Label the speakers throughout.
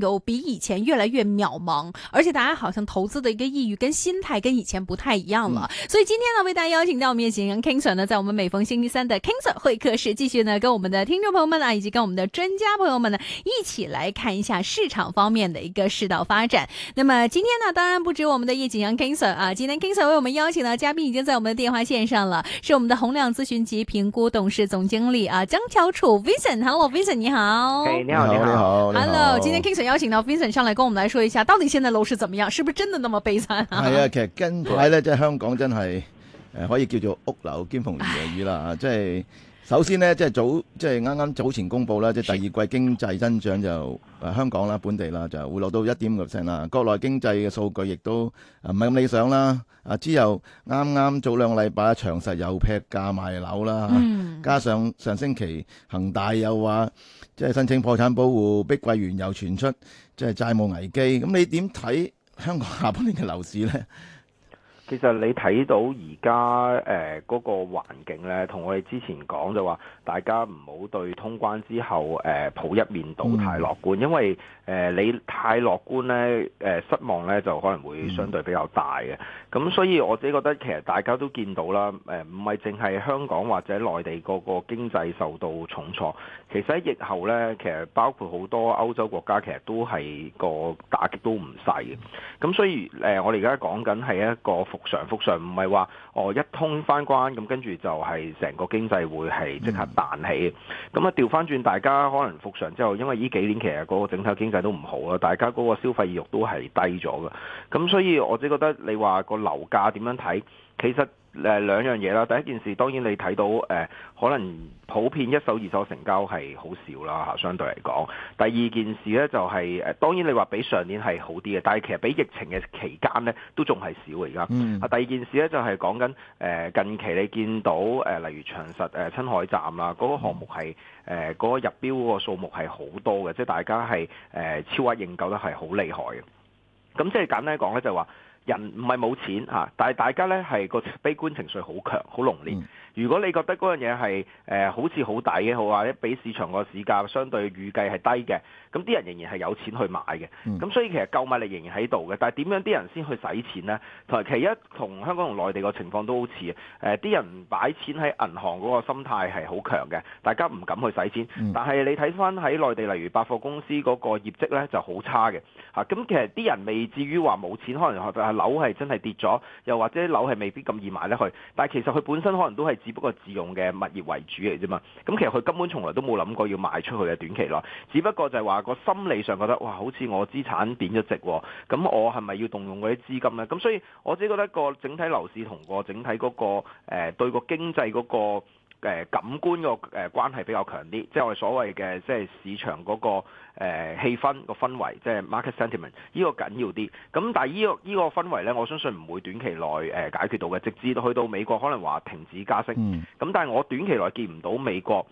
Speaker 1: 有比以前越來越渺茫，而且大家好像投資的一個意欲跟心態跟以前不太一樣了。嗯、所以今天呢，為大家邀請到我們葉景陽 KingSir 呢，在我們每逢星期三的 KingSir 會客室，繼續呢跟我們的聽眾朋友們啊，以及跟我們的專家朋友們呢，一起來看一下市場方面的一個市道發展。那麼今天呢，當然不止我們的葉景陽 KingSir 啊，今天 KingSir 為我們邀請的嘉賓已經在我們的電話線上了，是我們的泓亮諮詢及評估董事總經理啊，張翹楚 Vincent。Hello Vincent，你、hey, 你好。你好你好你好，Hello，今天 KingSir 邀請到 Vincent 上來跟我們來說一下，到底現在樓市怎麼樣？是不是真的那麼悲慘啊？係 啊，其實
Speaker 2: 根係咧，即係香港真係誒、呃，可以叫做屋漏兼逢雨啊雨啦，即係、 就是。首先咧，即、就、係、是、早即係啱啱早前公布啦，即、就、係、是、第二季經濟增長就誒、呃、香港啦、本地啦，就回落到一點六成 p 啦。國內經濟嘅數據亦都唔係咁理想啦。啊，之後啱啱早兩個禮拜長實又劈價賣樓啦，嗯、加上上星期恒大又話即係申請破產保護，碧桂園又傳出即係債務危機。咁你點睇香港下半年嘅樓市咧？
Speaker 3: 其實你睇到而家誒嗰個環境咧，同我哋之前講就話。大家唔好對通關之後誒、呃、抱一面倒太樂觀，因為誒、呃、你太樂觀咧誒、呃、失望呢，就可能會相對比較大嘅。咁、嗯、所以我自己覺得其實大家都見到啦，誒唔係淨係香港或者內地個個經濟受到重挫。其實喺疫後呢，其實包括好多歐洲國家其實都係個打擊都唔細嘅。咁所以誒、呃、我哋而家講緊係一個復常復常，唔係話我一通翻關咁跟住就係成個經濟會係即刻。彈起，咁啊調翻轉，大家可能復常之後，因為呢幾年其實嗰個整體經濟都唔好啦，大家嗰個消費意欲都係低咗嘅，咁所以我只覺得你話個樓價點樣睇，其實。 誒兩樣嘢啦，第一件事當然你睇到誒、呃，可能普遍一手二手成交係好少啦嚇，相對嚟講。第二件事咧就係、是、誒，當然你話比上年係好啲嘅，但係其實比疫情嘅期間咧都仲係少嘅而家。啊，嗯、第二件事咧就係講緊誒近期你見到誒、呃，例如長實誒親、呃、海站啦，嗰、那個項目係誒嗰個入標嗰個數目係好多嘅，即係大家係誒、呃、超額認購得係好厲害嘅。咁即係簡單講咧就係話、是。人唔係冇錢吓，但係大家咧係個悲觀情緒好強、好濃烈。嗯如果你覺得嗰樣嘢係誒好似好抵嘅，好話俾市場個市價相對預計係低嘅，咁啲人仍然係有錢去買嘅。咁所以其實購買力仍然喺度嘅。但係點樣啲人先去使錢咧？同其一，同香港同內地個情況都好似誒，啲、呃、人擺錢喺銀行嗰個心態係好強嘅，大家唔敢去使錢。嗯、但係你睇翻喺內地，例如百貨公司嗰個業績咧就好差嘅。嚇，咁其實啲人未至於話冇錢，可能樓係真係跌咗，又或者啲樓係未必咁易買得去。但係其實佢本身可能都係。只不過自用嘅物業為主嚟啫嘛，咁其實佢根本從來都冇諗過要賣出去嘅短期內，只不過就係話個心理上覺得，哇，好似我資產貶咗值，啊，咁我係咪要動用嗰啲資金呢？咁所以我自己覺得一個整體樓市同個整體嗰、那個誒、呃、對個經濟嗰、那個。誒感官個誒關係比較強啲，即係我哋所謂嘅即係市場嗰個誒氣氛個氛圍，即係 market sentiment，呢個緊要啲。咁但係呢個呢個氛圍呢，我相信唔會短期內誒解決到嘅，直至到去到美國可能話停止加息。咁但係我短期內見唔到美國。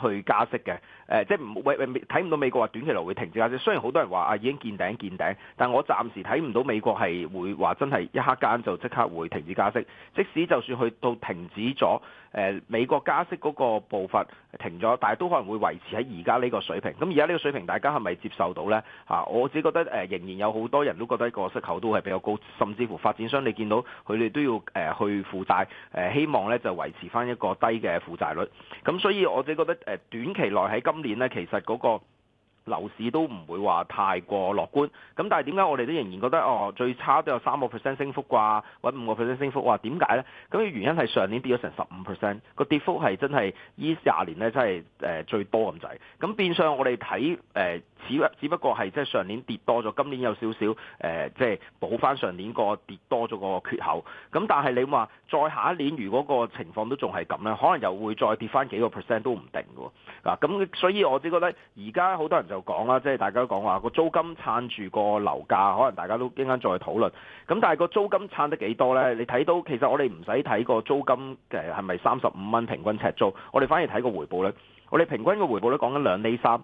Speaker 3: 去加息嘅，誒，即係唔會睇唔到美國話短期內會停止加息。雖然好多人話啊已經見頂見頂，但我暫時睇唔到美國係會話真係一刻間就即刻會停止加息。即使就算去到停止咗，誒，美國加息嗰個步伐停咗，但係都可能會維持喺而家呢個水平。咁而家呢個水平，大家係咪接受到呢？啊，我自己覺得誒，仍然有好多人都覺得個息口都係比較高，甚至乎發展商你見到佢哋都要誒去負債，誒希望咧就維持翻一個低嘅負債率。咁所以我自己覺得。誒短期內喺今年咧，其實嗰個。樓市都唔會話太過樂觀，咁但係點解我哋都仍然覺得哦，最差都有三個 percent 升幅啩，揾五個 percent 升幅哇？點解呢？咁嘅原因係上年跌咗成十五 percent，個跌幅係真係依廿年咧真係誒最多咁滯。咁變相我哋睇誒只只不過係即係上年跌多咗，今年有少少誒即係補翻上年個跌多咗個缺口。咁但係你話再下一年，如果個情況都仲係咁咧，可能又會再跌翻幾個 percent 都唔定㗎。嗱，咁所以我只覺得而家好多人，就係又講啦，即係大家都講話個租金撐住個樓價，可能大家都間間再討論。咁但係個租金撐得幾多呢？你睇到其實我哋唔使睇個租金誒係咪三十五蚊平均尺租，我哋反而睇個回報率。我哋平均個回報率講緊兩厘三。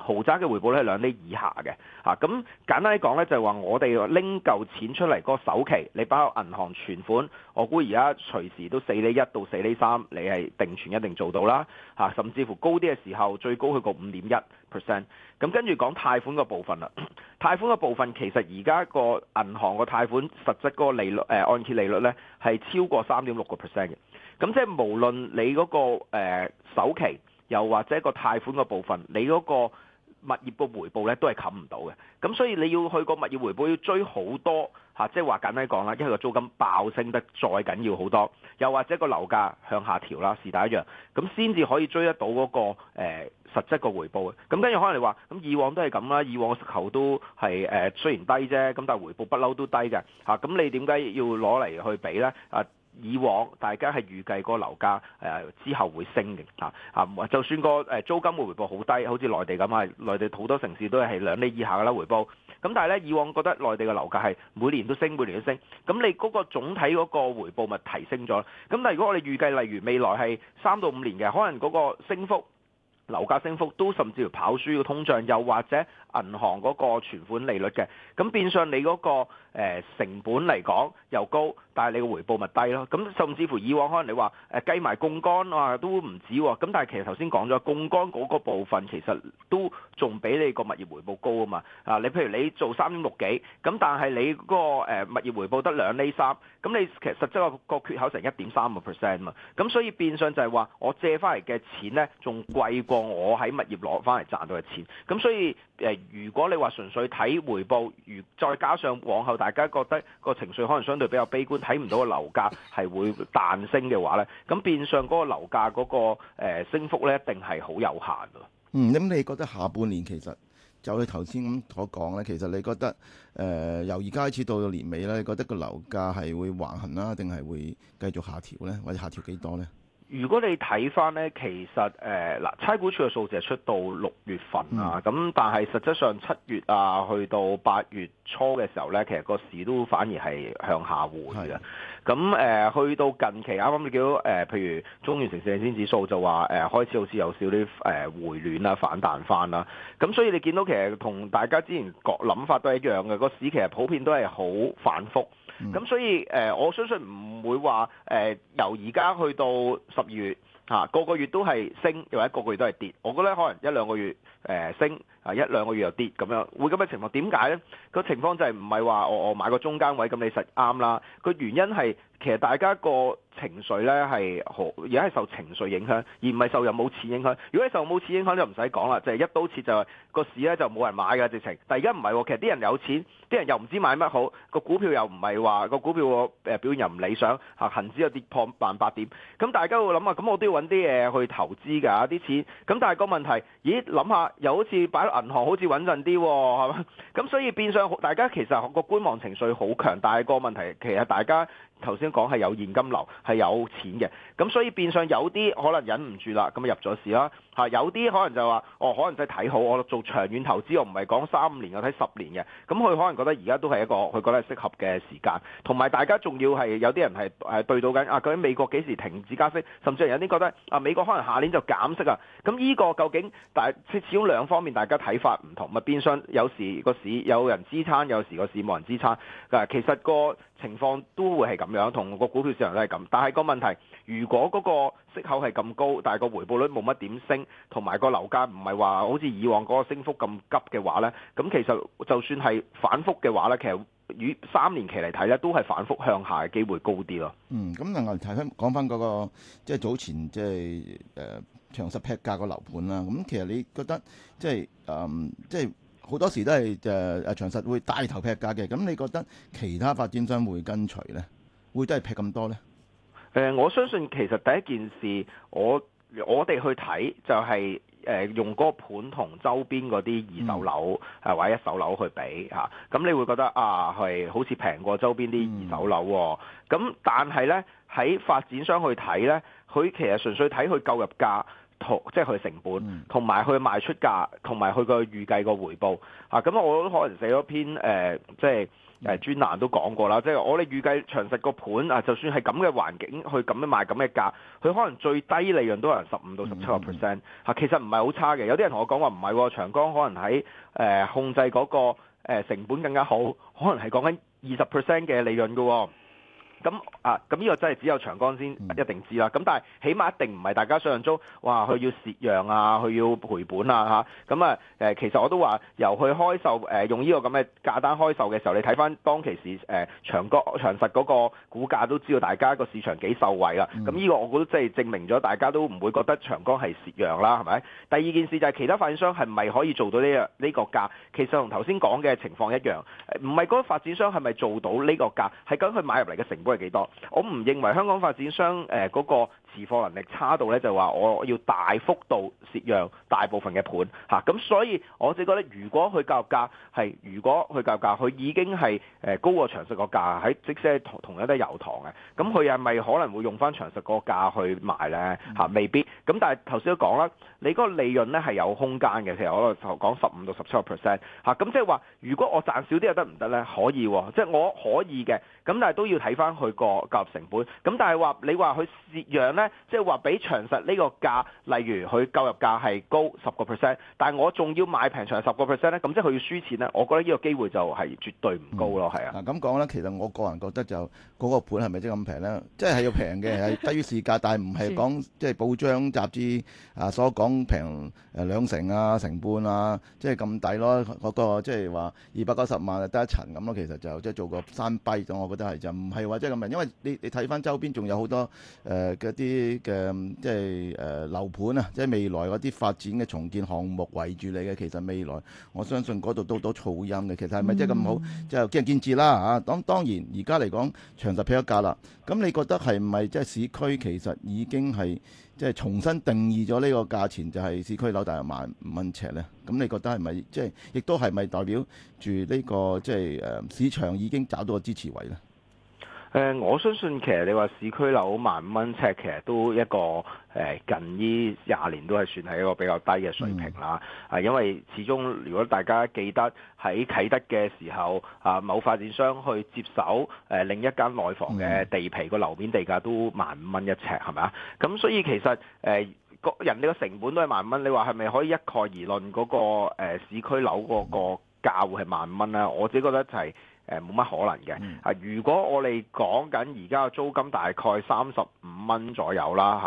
Speaker 3: 豪宅嘅回報咧係兩厘以下嘅，嚇、啊、咁、嗯、簡單啲講咧就係、是、話我哋拎夠錢出嚟嗰、那個、首期，你包括銀行存款，我估而家隨時都四厘一到四厘三，你係定存一定做到啦，嚇、啊、甚至乎高啲嘅時候，最高去過五點一 percent。咁跟住講貸款個部分啦，貸款個部分其實而家個銀行個貸款實際嗰個利率，誒按揭利率呢係超過三點六個 percent 嘅。咁即係無論你嗰個首期，又或者個貸款個部分，你嗰、那個物業個回報咧都係冚唔到嘅，咁所以你要去個物業回報要追好多嚇、啊，即係話簡單講啦，因為個租金爆升得再緊要好多，又或者個樓價向下調啦，是但一樣，咁先至可以追得到嗰、那個誒、呃、實質個回報嘅。咁跟住可能你話，咁以往都係咁啦，以往個息口都係誒、呃、雖然低啫，咁但係回報不嬲都低嘅嚇，咁、啊、你點解要攞嚟去比咧？啊以往大家係預計嗰個樓價、呃、之後會升嘅嚇嚇，就算個誒租金嘅回報好低，好似內地咁啊，內地好多城市都係兩厘以下啦回報。咁但係呢，以往覺得內地嘅樓價係每年都升，每年都升。咁你嗰個總體嗰個回報咪提升咗？咁但係如果我哋預計例如未來係三到五年嘅，可能嗰個升幅樓價升幅都甚至乎跑輸個通脹，又或者。銀行嗰個存款利率嘅，咁變相你嗰個成本嚟講又高，但係你嘅回報咪低咯？咁甚至乎以往可能你話誒計埋槓桿啊都唔止喎，咁但係其實頭先講咗槓桿嗰個部分其實都仲比你個物業回報高啊嘛！啊，你譬如你做三點六幾，咁但係你個誒物業回報得兩厘三，咁你其實實質個缺口成一點三個 percent 嘛，咁所以變相就係話我借翻嚟嘅錢咧仲貴過我喺物業攞翻嚟賺到嘅錢，咁所以誒。如果你話純粹睇回報，如再加上往後大家覺得個情緒可能相對比較悲觀，睇唔到個樓價係會彈升嘅話呢，咁變相嗰個樓價嗰個誒升幅呢，一定係好有限咯。
Speaker 2: 嗯，咁你覺得下半年其實就你頭先咁所講呢，其實你覺得誒、呃、由而家開始到到年尾呢，你覺得個樓價係會橫行啦，定係會繼續下調呢？或者下調幾多呢？
Speaker 3: 如果你睇翻呢，其實誒嗱，差、呃、估處嘅數字係出到六月份啊，咁、嗯、但係實質上七月啊，去到八月初嘅時候呢，其實個市都反而係向下回嘅。咁誒、呃、去到近期啱啱你見到誒、呃，譬如中原城市領先指數就話誒、呃、開始好似有少啲誒回暖啊、反彈翻啦。咁所以你見到其實同大家之前個諗法都係一樣嘅，個市其實普遍都係好反覆。咁所以誒、呃，我相信唔會話誒、呃、由而家去到十月。嚇個個月都係升，又或者個個月都係跌。我覺得可能一兩個月誒、呃、升，啊一兩個月又跌咁樣，會咁嘅情況點解呢？個情況就係唔係話我我買個中間位咁你實啱啦，個原因係。其實大家個情緒咧係好，而家係受情緒影響，而唔係受有冇錢影響。如果係受冇錢影響就，就唔使講啦，就係一刀切就係個市咧就冇人買嘅直情。但而家唔係，其實啲人有錢，啲人又唔知買乜好，個股票又唔係話個股票誒表現又唔理想，啊恆指又跌破萬八點。咁大家會諗啊，咁我都要揾啲嘢去投資㗎啲錢。咁但係個問題，咦諗下又好似擺喺銀行好似穩陣啲喎，係嘛？咁所以變相大家其實個觀望情緒好強，但係個問題其實大家。頭先講係有現金流，係有錢嘅。咁所以變相有啲可能忍唔住啦，咁啊入咗市啦嚇，有啲可能就話哦，可能真係睇好，我做長遠投資，我唔係講三五年我睇十年嘅，咁佢可能覺得而家都係一個佢覺得適合嘅時間，同埋大家仲要係有啲人係係對到緊啊，究竟美國幾時停止加息，甚至有啲覺得啊美國可能下年就減息啊，咁呢個究竟大至少兩方面大家睇法唔同，咪變相有時個市有人支撐，有時個市冇人支撐，嗱、啊、其實個情況都會係咁樣，同個股票市場都係咁，但係個問題如果嗰個息口係咁高，但係個回報率冇乜點升，同埋個樓價唔係話好似以往嗰個升幅咁急嘅話咧，咁其實就算係反覆嘅話咧，其實與三年期嚟睇咧，都係反覆向下嘅機會高啲咯。嗯，
Speaker 2: 咁另外提翻講翻嗰個即係早前即係誒長實劈價個樓盤啦。咁其實你覺得即係誒即係好多時都係誒誒長實會帶頭劈價嘅。咁你覺得其他發展商會跟隨咧，會真係劈咁多咧？
Speaker 3: 誒、呃，我相信其實第一件事，我我哋去睇就係、是、誒、呃、用嗰個盤同周邊嗰啲二手樓，係、嗯啊、或者一手樓去比吓，咁、啊、你會覺得啊係好似平過周邊啲二手樓、啊。咁、啊、但係呢，喺發展商去睇呢，佢其實純粹睇佢購入價同即係佢成本，同埋佢賣出價，同埋佢個預計個回報。啊，咁我都可能寫咗篇誒、呃，即係。誒、嗯、專欄都講過啦，即、就、係、是、我哋預計長實個盤啊，就算係咁嘅環境去咁樣賣咁嘅價，佢可能最低利潤都可能十五到十七個 percent 吓，其實唔係好差嘅。有啲人同我講話唔係，長江可能喺誒、呃、控制嗰個成本更加好，可能係講緊二十 percent 嘅利潤噶。咁啊，咁呢個真係只有長江先一定知啦。咁、嗯、但係起碼一定唔係大家想像中，哇！佢要蝕讓啊，佢要賠本啊嚇。咁啊，誒、啊、其實我都話由佢開售誒、啊、用呢個咁嘅價單開售嘅時候，你睇翻當其時誒、啊、長江長實嗰個股價都知道大家個市場幾受惠啦。咁呢、嗯、個我估即係證明咗大家都唔會覺得長江係蝕讓啦，係咪？第二件事就係其他發展商係咪可以做到呢樣呢個價？其實同頭先講嘅情況一樣，唔係嗰個發展商係咪做到呢個價？係跟佢買入嚟嘅成本。係幾多？我唔認為香港發展商誒嗰、呃嗰個持貨能力差到咧，就話我要大幅度蝕讓大部分嘅盤嚇，咁、啊、所以我只覺得如，如果佢交易價係，如果佢交易價佢已經係誒高過長實個價喺即使同一堆油塘嘅，咁佢係咪可能會用翻長實個價去賣咧嚇？未必。咁但係頭先都講啦，你嗰個利潤咧係有空間嘅，其實我頭講十五到十七個 percent 嚇，咁即係話如果我賺少啲又得唔得咧？可以，即係我可以嘅。咁但係都要睇翻佢個交易成本。咁但係話你話佢蝕讓咧？即係話比長實呢個價，例如佢購入價係高十個 percent，但係我仲要買平長十個 percent 咧，咁即係佢要輸錢咧。我覺得呢個機會就係絕對唔高咯，
Speaker 2: 係、嗯、啊。咁講咧，其實我個人覺得就嗰、那個盤係咪即係咁平咧？即係係要平嘅，係低 於市價，但係唔係講即係報章雜誌啊所講平誒兩成啊、成半啊，即係咁抵咯。嗰、那個即係話二百九十萬得一層咁咯，那個、其實就即係、就是、做個山逼咗，我覺得係就唔係話即係咁平，因為你你睇翻周邊仲有好多誒啲。呃啲嘅即係誒樓盤啊，即係未來嗰啲發展嘅重建項目圍住你嘅，其實未來我相信嗰度都多噪音嘅。其實係咪即係咁好，即係見仁見智啦嚇。當當然而家嚟講，長實劈咗價啦。咁你覺得係咪即係市區其實已經係即係重新定義咗呢個價錢，就係市區樓大約萬五蚊尺咧？咁你覺得係咪即係亦都係咪代表住呢個即係誒市場已經找到個支持位咧？
Speaker 3: 誒、呃，我相信其實你話市區樓萬五蚊尺，其實都一個誒、呃、近呢廿年都係算係一個比較低嘅水平啦。係、嗯、因為始終如果大家記得喺啟德嘅時候，啊、呃、某發展商去接手誒、呃、另一間內房嘅地皮，個樓、嗯、面地價都萬五蚊一尺，係咪啊？咁所以其實誒個、呃、人哋個成本都係萬五蚊。你話係咪可以一概而論嗰、那個、呃、市區樓嗰個價會係萬五蚊咧？我自己覺得就係、是。誒冇乜可能嘅，啊！如果我哋講緊而家嘅租金大概三十五蚊左右啦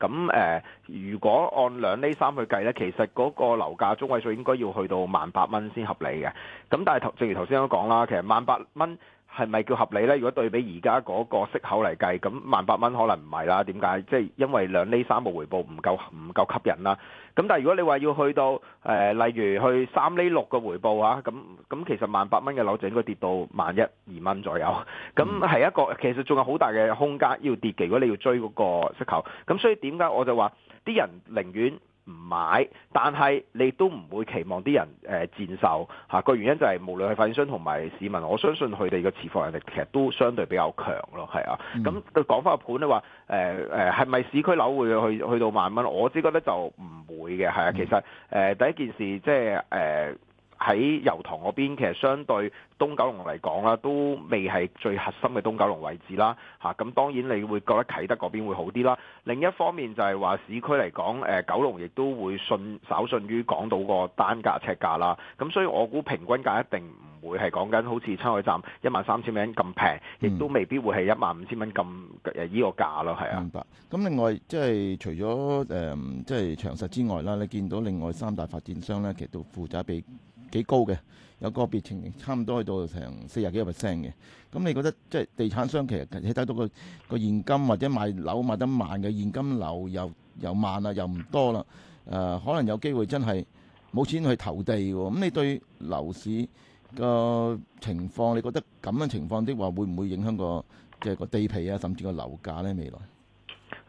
Speaker 3: 嚇，咁、啊、誒、啊，如果按兩厘三去計呢，其實嗰個樓價中位數應該要去到萬八蚊先合理嘅。咁、啊、但係頭，正如頭先都講啦，其實萬八蚊。係咪叫合理呢？如果對比而家嗰個息口嚟計，咁萬八蚊可能唔係啦。點解？即係因為兩厘三嘅回報唔夠唔夠吸引啦。咁但係如果你話要去到誒、呃，例如去三厘六嘅回報啊，咁咁其實萬八蚊嘅樓就應該跌到萬一二蚊左右。咁係一個、嗯、其實仲有好大嘅空間要跌嘅。如果你要追嗰個息口，咁所以點解我就話啲人寧願？唔買，但係你都唔會期望啲人誒、呃、賤售吓個。啊、原因就係無論係發展商同埋市民，我相信佢哋嘅持貨能力其實都相對比較強咯，係啊。咁講翻個盤咧，話誒誒，係咪市區樓會去去到萬蚊？我只覺得就唔會嘅，係啊。嗯、其實誒、呃、第一件事即係誒。呃喺油塘嗰邊，其實相對東九龍嚟講啦，都未係最核心嘅東九龍位置啦。吓、啊，咁當然你會覺得啟德嗰邊會好啲啦。另一方面就係話市區嚟講，誒、呃、九龍亦都會信稍遜於港島個單價尺價啦。咁、啊、所以我估平均價一定唔會係講緊好似親海站一萬三千蚊咁平，亦、嗯、都未必會係一萬五千蚊咁，誒呢個價咯。係啊。明
Speaker 2: 白、嗯。咁另外即係、就是、除咗誒即係長實之外啦，你見到另外三大發展商咧，其實都負責俾。幾高嘅，有個別情形差唔多去到成四十幾個 percent 嘅。咁、嗯、你覺得即係地產商其實睇到個個現金或者賣樓賣得慢嘅現金流又又慢啦，又唔多啦。誒、呃，可能有機會真係冇錢去投地喎。咁、嗯、你對樓市個情況，你覺得咁樣情況的話，會唔會影響個即係個地皮啊，甚至個樓價咧未來？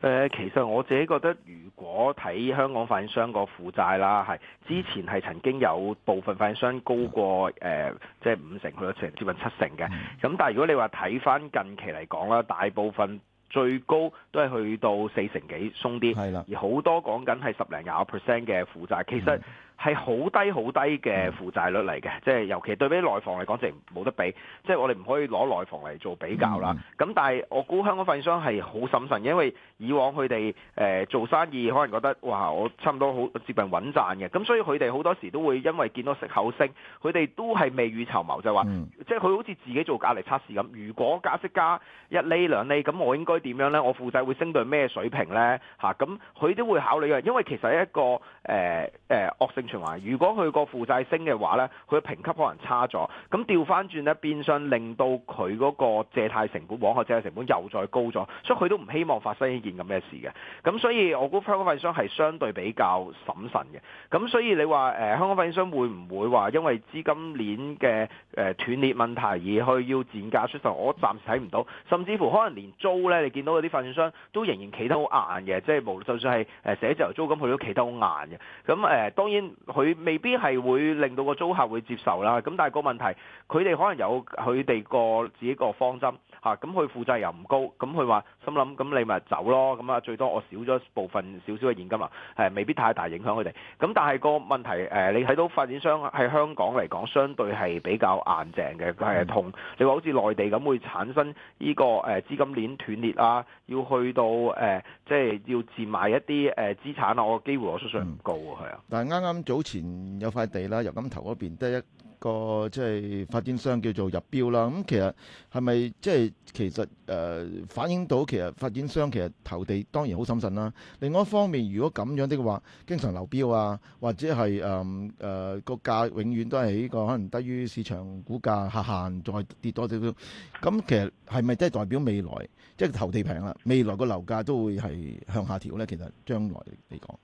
Speaker 3: 誒、呃，其實我自己覺得，如果睇香港發展商個負債啦，係之前係曾經有部分發展商高過誒、呃，即係五成去到成接近七成嘅。咁、嗯、但係如果你話睇翻近期嚟講啦，大部分最高都係去到四成幾，鬆啲。係啦的，而好多講緊係十零廿 percent 嘅負債，其實。嗯係好低好低嘅負債率嚟嘅，即係尤其對比內房嚟講，就冇得比。即係我哋唔可以攞內房嚟做比較啦。咁、嗯、但係我估香港發展商係好審慎，因為以往佢哋誒做生意，可能覺得哇，我差唔多好接近穩賺嘅。咁所以佢哋好多時都會因為見到息口升，佢哋都係未雨綢繆，就話、是嗯、即係佢好似自己做壓力測試咁。如果加息加一厘兩厘，咁我應該點樣呢？我負債會升到咩水平呢？吓、啊，咁佢都會考慮嘅。因為其實一個誒誒、呃呃呃呃、惡性。如果佢個負債升嘅話呢，佢評級可能差咗，咁調翻轉呢，變相令到佢嗰個借貸成本，往後借貸成本又再高咗，所以佢都唔希望發生呢件咁嘅事嘅。咁所以我估香港發展商係相對比較審慎嘅。咁所以你話誒、呃、香港發展商會唔會話因為資金鏈嘅誒、呃、斷裂問題而去要賤價出售？我暫時睇唔到，甚至乎可能連租呢，你見到嗰啲發展商都仍然企得好硬嘅，即、就、係、是、無論就算係誒寫字樓租金，佢都企得好硬嘅。咁誒當然。佢未必係會令到個租客會接受啦，咁但係個問題，佢哋可能有佢哋個自己個方針吓，咁佢負債又唔高，咁佢話。心諗咁你咪走咯，咁啊最多我少咗部分少少嘅現金啊，係、呃、未必太大影響佢哋。咁但係個問題誒、呃，你睇到發展商喺香港嚟講，相對係比較硬淨嘅，係、嗯、同你話好似內地咁會產生呢個誒資金鏈斷裂啊，要去到誒、呃、即係要自賣一啲誒資產啊，個機會我相信唔高啊，係啊、嗯。
Speaker 2: 的但係啱啱早前有塊地啦，油金頭嗰邊得一個即係發展商叫做入標啦。咁其實係咪即係其實誒反映到？其實發展商其實投地當然好審慎啦。另外一方面，如果咁樣的話，經常流標啊，或者係誒誒個價永遠都係呢個可能低於市場估價下限，再跌多少少。咁其實係咪即係代表未來即係投地平啦？未來個樓價都會係向下調呢？其實將來嚟講。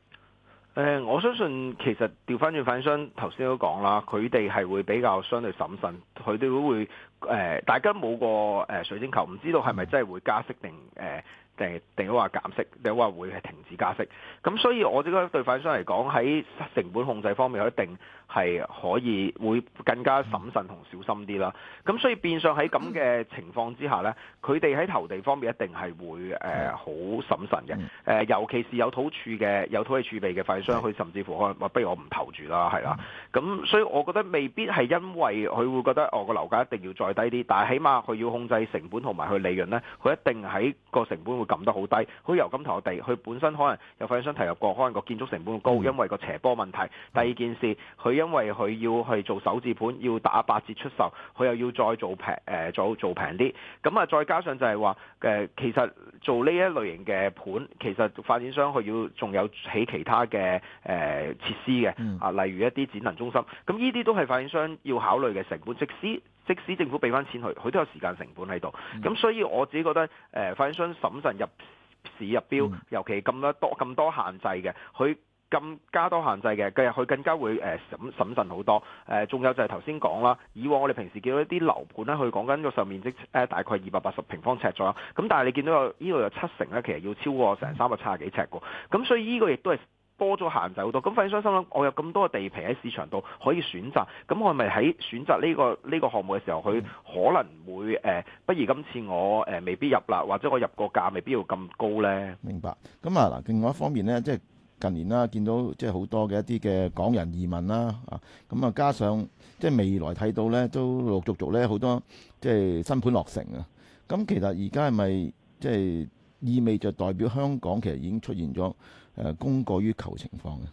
Speaker 3: 誒、呃，我相信其實掉返轉反相，頭先都講啦，佢哋係會比較相對審慎，佢哋都會誒、呃，大家冇個誒水晶球，唔知道係咪真係會加息定誒。呃定定話減息，定話會係停止加息。咁所以我覺得對快商嚟講，喺成本控制方面，一定係可以會更加審慎同小心啲啦。咁所以變相喺咁嘅情況之下呢，佢哋喺投地方面一定係會誒好審慎嘅。誒尤其是有土儲嘅、有土地儲備嘅快商，佢甚至乎可能話：不如我唔投住啦，係啦。咁所以我覺得未必係因為佢會覺得哦個樓價一定要再低啲，但係起碼佢要控制成本同埋佢利潤呢，佢一定喺個成本會。撳得好低，好由油金台我地，佢本身可能有發展商提入過，可能個建築成本高，因為個斜坡問題。第二件事，佢因為佢要去做首置盤，要打八折出售，佢又要再做平誒，再、呃、做平啲。咁啊，再加上就係話誒，其實做呢一類型嘅盤，其實發展商佢要仲有起其他嘅誒、呃、設施嘅啊，例如一啲展能中心。咁呢啲都係發展商要考慮嘅成本，即係。即使政府俾翻錢佢，佢都有時間成本喺度。咁所以我自己覺得，誒、呃，發展商審慎入市入標，尤其咁多多咁多限制嘅，佢更加多限制嘅，佢更加會誒審審慎好多。誒、呃，仲有就係頭先講啦，以往我哋平時見到一啲樓盤咧，佢講緊個售面積誒大概二百八十平方尺左右，咁但係你見到有呢度、這個、有七成咧，其實要超過成三百七十幾尺喎。咁所以呢個亦都係。多咗限制好多，咁反而相心諗，我有咁多嘅地皮喺市場度可以選擇，咁我係咪喺選擇呢、呢個呢、呢個項目嘅時候，佢可能會誒、呃，不如今次我誒、呃、未必入啦，或者我入個價未必要咁高呢。
Speaker 2: 明白。咁啊嗱，另外一方面呢，即係近年啦，見到即係好多嘅一啲嘅港人移民啦，啊，咁啊加上即係未來睇到呢，都陸續續呢好多即係新盤落成啊。咁其實而家係咪即係意味住代表香港其實已經出現咗？誒供過於求情況嘅，
Speaker 3: 誒、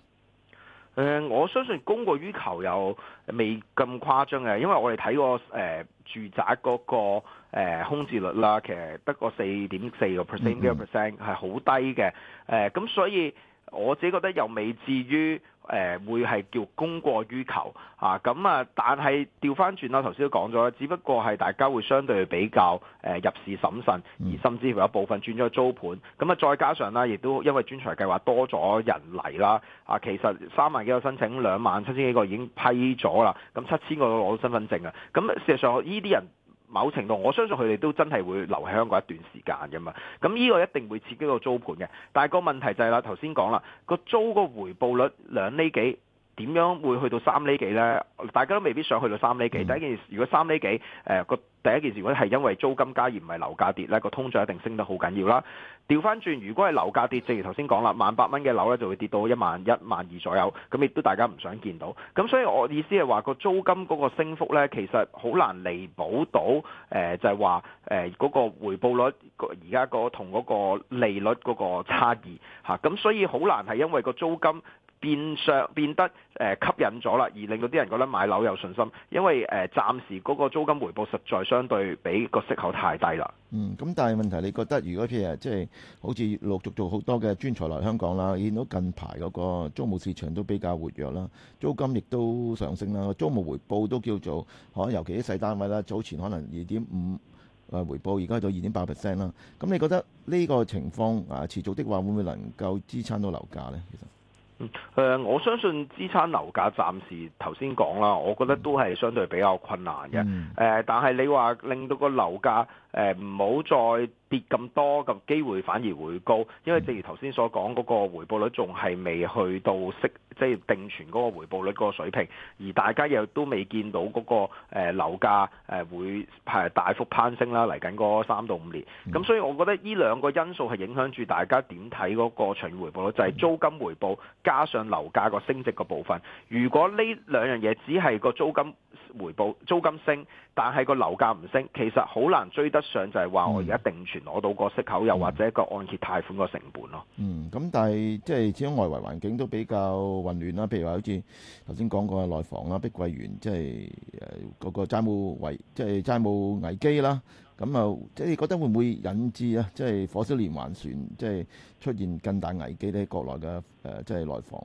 Speaker 3: 呃、我相信供過於求又未咁誇張嘅，因為我哋睇過誒住宅嗰、那個、呃、空置率啦，其實得個四點四個 percent，幾個 percent 係好低嘅，誒、呃、咁所以。我自己覺得又未至於誒、呃，會係叫供過於求啊！咁啊，但係調翻轉啦，頭先都講咗啦，只不過係大家會相對比較誒入市審慎，而甚至乎有部分轉咗去租盤。咁啊，再加上啦、啊，亦都因為專才計劃多咗人嚟啦啊！其實三萬幾個申請，兩萬七千幾個已經批咗啦，咁、啊、七千個都攞到身份證嘅，咁、啊、事實上呢啲人。某程度，我相信佢哋都真係會留喺香港一段時間噶嘛。咁呢個一定會刺激到租盤嘅。但係個問題就係、是、啦，頭先講啦，個租個回報率兩厘幾，點樣會去到三厘幾咧？大家都未必想去到三厘幾。第一件事，如果三厘幾誒、呃、個。第一件事，如果係因為租金加而唔係樓價跌呢，嗰個通脹一定升得好緊要啦。調翻轉，如果係樓價跌，正如頭先講啦，萬八蚊嘅樓呢就會跌到一萬、一萬二左右，咁亦都大家唔想見到。咁所以我意思係話個租金嗰個升幅呢，其實好難彌補到誒，呃，就係話誒嗰個回報率而家、嗰個同嗰個利率嗰個差異嚇。咁，啊、所以好難係因為個租金。變相變得誒吸引咗啦，而令到啲人覺得買樓有信心，因為誒、呃、暫時嗰個租金回報實在相對比個息口太低啦。嗯，
Speaker 2: 咁但係問題，你覺得如果譬如，譬如即係好似陸續做好多嘅專才來香港啦，見到近排嗰個租務市場都比較活躍啦，租金亦都上升啦，租務回報都叫做可，尤其啲細單位啦，早前可能二點五誒回報，而家去到二點八 percent 啦。咁你覺得呢個情況啊持續的話，會唔會能夠支撐到樓價呢？其實？
Speaker 3: 誒、嗯，我相信支撐樓價暫時頭先講啦，我覺得都係相對比較困難嘅。誒、嗯，但係你話令到個樓價。誒唔好再跌咁多，咁機會反而會高，因為正如頭先所講嗰個回報率仲係未去到息，即係定存嗰個回報率嗰個水平，而大家又都未見到嗰個誒樓價誒會係大幅攀升啦，嚟緊嗰三到五年，咁所以我覺得呢兩個因素係影響住大家點睇嗰個長遠回報率，就係租金回報加上樓價個升值個部分。如果呢兩樣嘢只係個租金回報，租金升但係個樓價唔升，其實好難追得。上就係話我而家定存攞到個息口，又或者個按揭貸款個成本咯。嗯，
Speaker 2: 咁、嗯、但係即係始終外圍環境都比較混亂啦。譬如話好似頭先講過內房啦、碧桂園，即係誒嗰個債務危，即係債務危機啦。咁啊，即係你覺得會唔會引致啊，即係火燒連環船，即係出現更大危機呢？國內嘅誒，即係內房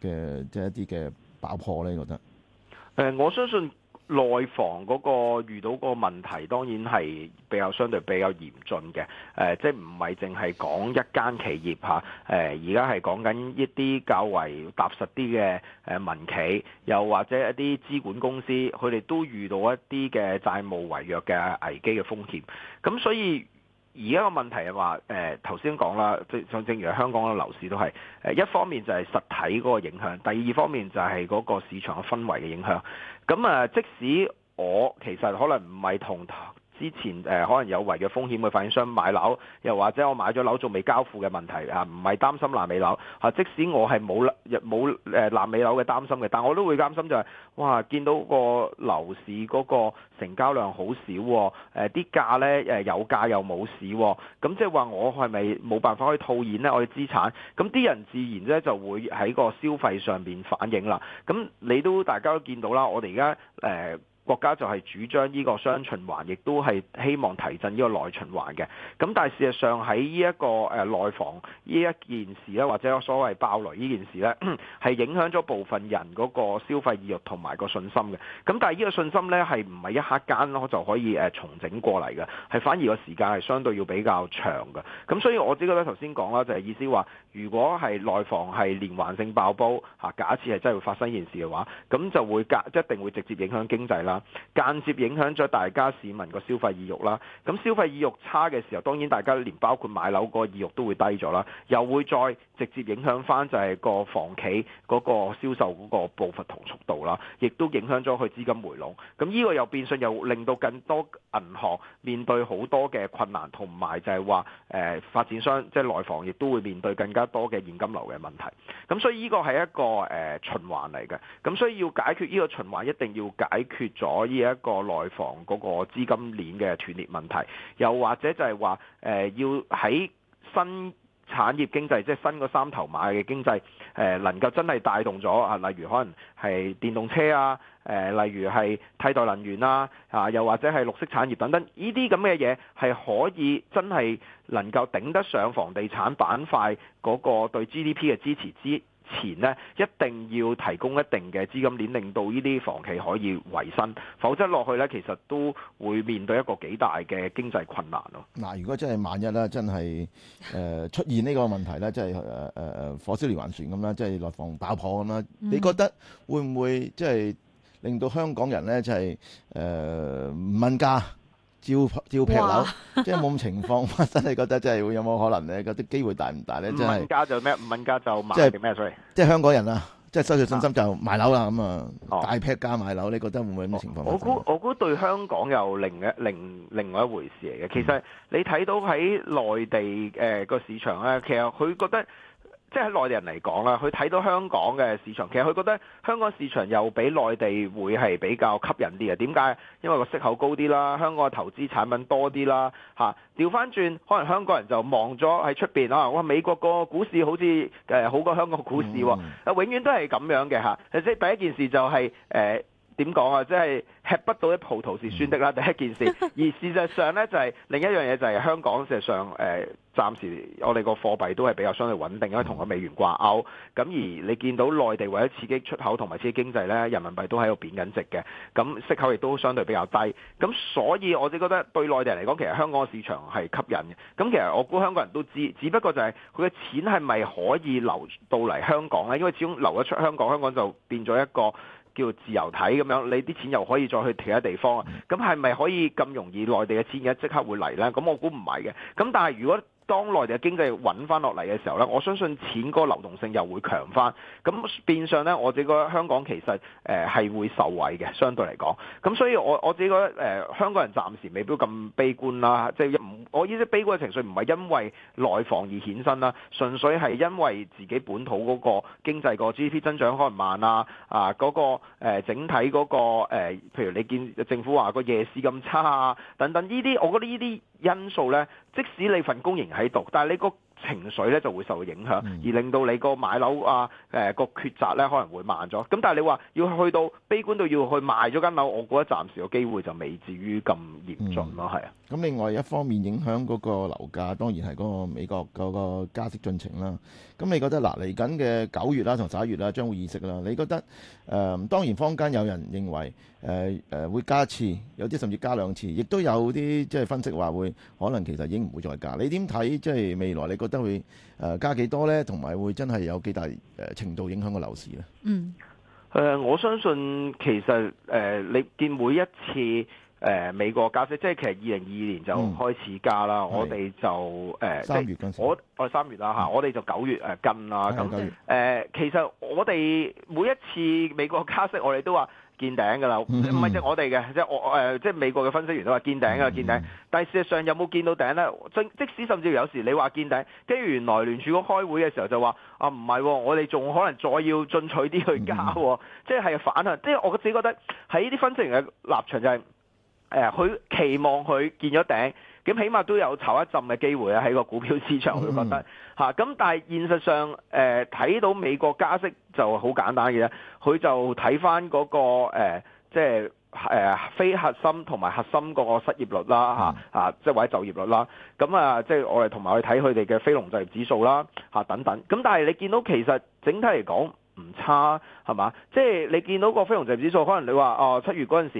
Speaker 2: 嘅即係一啲嘅爆破呢？覺得
Speaker 3: 誒，我相信。內房嗰個遇到個問題，當然係比較相對比較嚴峻嘅。誒、呃，即係唔係淨係講一間企業嚇？誒、啊，而家係講緊一啲較為踏實啲嘅誒民企，又或者一啲資管公司，佢哋都遇到一啲嘅債務違約嘅危機嘅風險。咁所以而家個問題係話誒，頭先講啦，就正如香港嘅樓市都係誒，一方面就係實體嗰個影響，第二方面就係嗰個市場嘅氛圍嘅影響。咁啊，即使我其實可能唔係同。之前，誒可能有違約風險去發展商買樓，又或者我買咗樓仲未交付嘅問題啊，唔係擔心爛尾樓啊。即使我係冇冇誒爛尾樓嘅擔心嘅，但我都會擔心就係，哇，見到個樓市嗰個成交量好少，哦，誒啲價呢誒有價又冇市，哦，咁即係話我係咪冇辦法可以套現呢？我嘅資產，咁啲人自然呢就會喺個消費上面反映啦。咁你都大家都見到啦，我哋而家誒。呃國家就係主張呢個雙循環，亦都係希望提振呢個內循環嘅。咁但係事實上喺呢一個誒內房呢一件事咧，或者所謂爆雷呢件事咧，係影響咗部分人嗰個消費意欲同埋個信心嘅。咁但係呢個信心咧係唔係一刻間咯就可以誒重整過嚟嘅，係反而個時間係相對要比較長嘅。咁所以我只覺得頭先講啦，就係、是、意思話，如果係內房係連環性爆煲吓，假設係真係會發生呢件事嘅話，咁就會隔一定會直接影響經濟啦。間接影響咗大家市民個消費意欲啦，咁消費意欲差嘅時候，當然大家連包括買樓嗰個意欲都會低咗啦，又會再直接影響翻就係個房企嗰個銷售嗰個步伐同速度啦，亦都影響咗佢資金回籠。咁呢個又變相又令到更多銀行面對好多嘅困難，同埋就係話誒發展商即係內房亦都會面對更加多嘅現金流嘅問題。咁所以呢個係一個誒、呃、循環嚟嘅，咁所以要解決呢個循環，一定要解決。咗呢一個內房嗰個資金鏈嘅斷裂問題，又或者就係話誒要喺新產業經濟，即係新嗰三頭馬嘅經濟誒、呃，能夠真係帶動咗啊，例如可能係電動車啊，誒、呃，例如係替代能源啦、啊，啊，又或者係綠色產業等等，呢啲咁嘅嘢係可以真係能夠頂得上房地產板塊嗰個對 GDP 嘅支持之前咧一定要提供一定嘅資金鏈，令到呢啲房企可以維生，否則落去咧，其實都會面對一個幾大嘅經濟困難咯。
Speaker 2: 嗱，如果真係萬一咧，真係誒出現呢個問題咧，即係誒誒誒火燒連環船咁啦，即係內房爆破咁啦，嗯、你覺得會唔會即係令到香港人呢、就係，就係誒唔問價？招招劈樓，哇即係冇咁情況，真 你覺得即係會有冇可能咧？嗰啲機會大唔大咧？家家即係五蚊
Speaker 3: 價就咩？五蚊價就賣定咩水？Sorry、
Speaker 2: 即係香港人啊，即係收住信心就買樓啦咁啊！大劈價買樓，你覺得會唔會有咁嘅情況？哦啊、我估
Speaker 3: 我估對香港又另一另另外一回事嚟嘅、嗯。其實你睇到喺內地誒個市場咧，其實佢覺得。即係喺內地人嚟講啦，佢睇到香港嘅市場，其實佢覺得香港市場又比內地會係比較吸引啲嘅。點解？因為個息口高啲啦，香港嘅投資產品多啲啦。嚇、啊，調翻轉，可能香港人就望咗喺出邊啊！哇，美國個股市好似誒好過香港股市，啊，永遠都係咁樣嘅嚇。其實第一件事就係誒。呃點講啊？即係吃不到的葡萄是酸的啦。第一件事，而事實上呢，就係、是、另一樣嘢就係、是、香港事實上誒、呃，暫時我哋個貨幣都係比較相對穩定，因為同個美元掛鈎。咁而你見到內地為咗刺激出口同埋刺激經濟呢，人民幣都喺度貶緊值嘅。咁息口亦都相對比較低。咁所以我哋覺得對內地人嚟講，其實香港嘅市場係吸引嘅。咁其實我估香港人都知，只不過就係佢嘅錢係咪可以留到嚟香港呢？因為始終留咗出香港，香港就變咗一個。叫自由體咁樣，你啲錢又可以再去其他地方啊？咁係咪可以咁容易內地嘅錢而家即刻會嚟咧？咁我估唔係嘅。咁但係如果，當內地嘅經濟穩翻落嚟嘅時候咧，我相信錢嗰個流動性又會強翻，咁變相咧，我自己覺得香港其實誒係、呃、會受惠嘅，相對嚟講。咁所以我，我我自己覺得誒、呃、香港人暫時未必咁悲觀啦、啊，即係唔，我依啲悲觀嘅情緒唔係因為內房而衍生啦，純粹係因為自己本土嗰個經濟個 GDP 增長可能慢啊，啊嗰、那個、呃、整體嗰、那個、呃、譬如你見政府話個夜市咁差啊等等，呢啲我覺得呢啲因素咧，即使你份工仍喺度，但係你個情緒咧就會受影響，嗯、而令到你個買樓啊誒個抉擇咧可能會慢咗。咁但係你話要去到悲觀到要去賣咗間樓，我覺得暫時個機會就未至於咁嚴峻咯，係啊、
Speaker 2: 嗯。咁是另外一方面影響嗰個樓價，當然係嗰個美國個個加息進程啦。咁你覺得嗱嚟緊嘅九月啦同十一月啦，將會議息啦？你覺得誒、呃？當然坊間有人認為。誒誒、呃、會加一次，有啲甚至加兩次，亦都有啲即係分析話會可能其實已經唔會再加。你點睇即係未來？你覺得會誒、呃、加幾多咧？同埋會真係有幾大誒程度影響個樓市咧？
Speaker 3: 嗯，誒我相信其實誒、呃、你見每一次誒、呃、美國加息，即係其實二零二二年就開始加啦、嗯。我哋、嗯、就誒三月，月，我我哋三月啦嚇。我哋就九月誒近啦。九月誒，其實我哋每一次美國加息，我哋都話。見頂㗎喇，唔係即係我哋嘅，即係我誒，即係美國嘅分析員都話見頂啊，見頂。但係事實上有冇見到頂咧？即即使甚至乎有時你話見頂，跟住原來聯儲局開會嘅時候就話啊，唔係，我哋仲可能再要進取啲去搞，即係反啊！即係我自己覺得喺呢啲分析員嘅立場就係、是、誒，佢、呃、期望佢見咗頂。咁起碼都有炒一陣嘅機會啊，喺個股票市場，我覺得嚇。咁、嗯、但係現實上，誒、呃、睇到美國加息就好簡單嘅，佢就睇返嗰個即係誒非核心同埋核心嗰個失業率啦嚇，啊，即係、嗯、或者就業率啦。咁啊，即、就、係、是、我哋同埋去睇佢哋嘅非農就業指數啦嚇、啊、等等。咁但係你見到其實整體嚟講唔差係嘛？即係、就是、你見到個非農就業指數，可能你話哦七月嗰陣時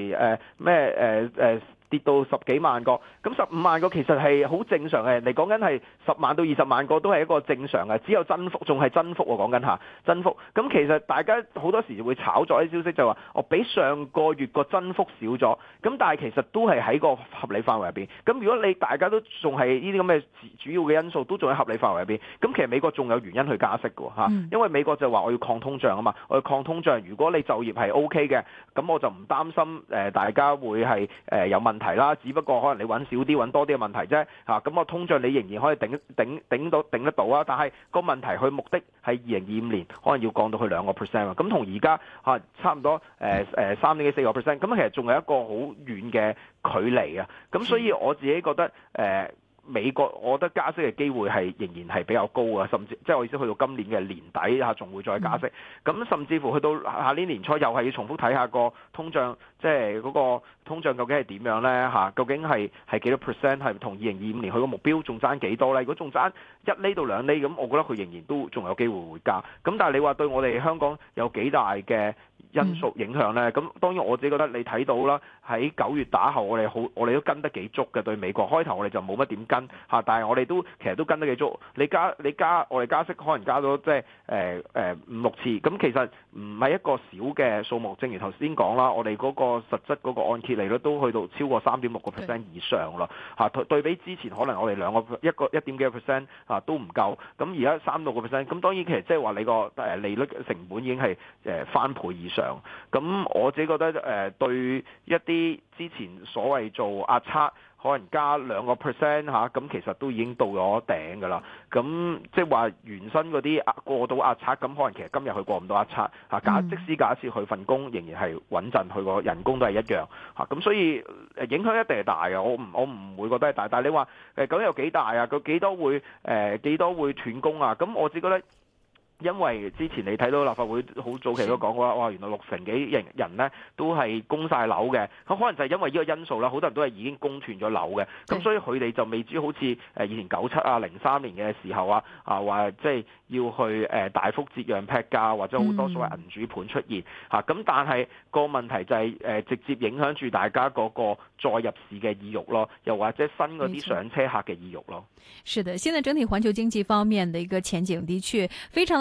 Speaker 3: 咩誒誒。呃跌到十幾萬個，咁十五萬個其實係好正常嘅。你講緊係十萬到二十萬個都係一個正常嘅，只有增幅仲係增幅喎。講緊下增幅，咁其實大家好多時會炒作啲消息就話，我、哦、比上個月個增幅少咗，咁但係其實都係喺個合理範圍入邊。咁如果你大家都仲係呢啲咁嘅主要嘅因素都仲喺合理範圍入邊，咁其實美國仲有原因去加息嘅吓，因為美國就話我要抗通脹啊嘛，我要抗通脹。如果你就業係 OK 嘅，咁我就唔擔心誒大家會係誒有問題。提啦，只不過可能你揾少啲、揾多啲嘅問題啫嚇。咁、啊、我、個、通脹你仍然可以頂頂頂到頂得到啊。但係個問題，佢目的係二零二五年可能要降到去兩個 percent 啊。咁同而家嚇差唔多誒誒三點幾四個 percent。咁、呃啊、其實仲係一個好遠嘅距離啊。咁所以我自己覺得誒。呃美國，我覺得加息嘅機會係仍然係比較高啊，甚至即係、就是、我意思去到今年嘅年底啊，仲會再加息。咁甚至乎去到下年年初，又係要重複睇下個通脹，即係嗰個通脹究竟係點樣咧？嚇，究竟係係幾多 percent？係同二零二五年佢個目標仲爭幾多咧？如果仲爭一釐到兩厘，咁我覺得佢仍然都仲有機會會加。咁但係你話對我哋香港有幾大嘅因素影響咧？咁當然我自己覺得你睇到啦。喺九月打後我，我哋好，我哋都跟得幾足嘅對美國。開頭我哋就冇乜點跟嚇，但係我哋都其實都跟得幾足。你加你加，我哋加息可能加咗即係誒誒五六次。咁其實唔係一個小嘅數目。正如頭先講啦，我哋嗰個實質嗰個按揭利率都去到超過三點六個 percent 以上啦嚇。對比之前可能我哋兩個一個一點幾個 percent 嚇都唔夠。咁而家三六個 percent，咁當然其實即係話你個誒利率成本已經係誒翻倍以上。咁我自己覺得誒對一啲。之前所謂做壓測，可能加兩個 percent 嚇，咁、啊、其實都已經到咗頂㗎啦。咁即係話原身嗰啲過到壓測，咁可能其實今日佢過唔到壓測嚇。假、啊、即使假設佢份工仍然係穩陣，佢個人工都係一樣嚇。咁、啊、所以影響一定係大嘅，我唔我唔會覺得係大。但係你話誒咁有幾大啊？佢幾多會誒幾、欸、多會斷供啊？咁我只覺得，因為之前你睇到立法會好早期都講過啦，哇！原來六成幾人人呢都係供晒樓嘅，咁可能就係因為呢個因素啦，好多人都係已經供斷咗樓嘅，咁對 所以佢哋就未至好似誒以前九七啊、零三年嘅時候啊，啊話即係要去誒大幅折讓劈價或者好多所謂銀主盤出現嚇。咁、嗯、但係個問題就係誒直接影響住大家嗰個再入市嘅意欲咯，又或者新嗰啲上車客嘅
Speaker 1: 意欲咯。是的，現在整體環球經濟方面嘅一個前景，的確非常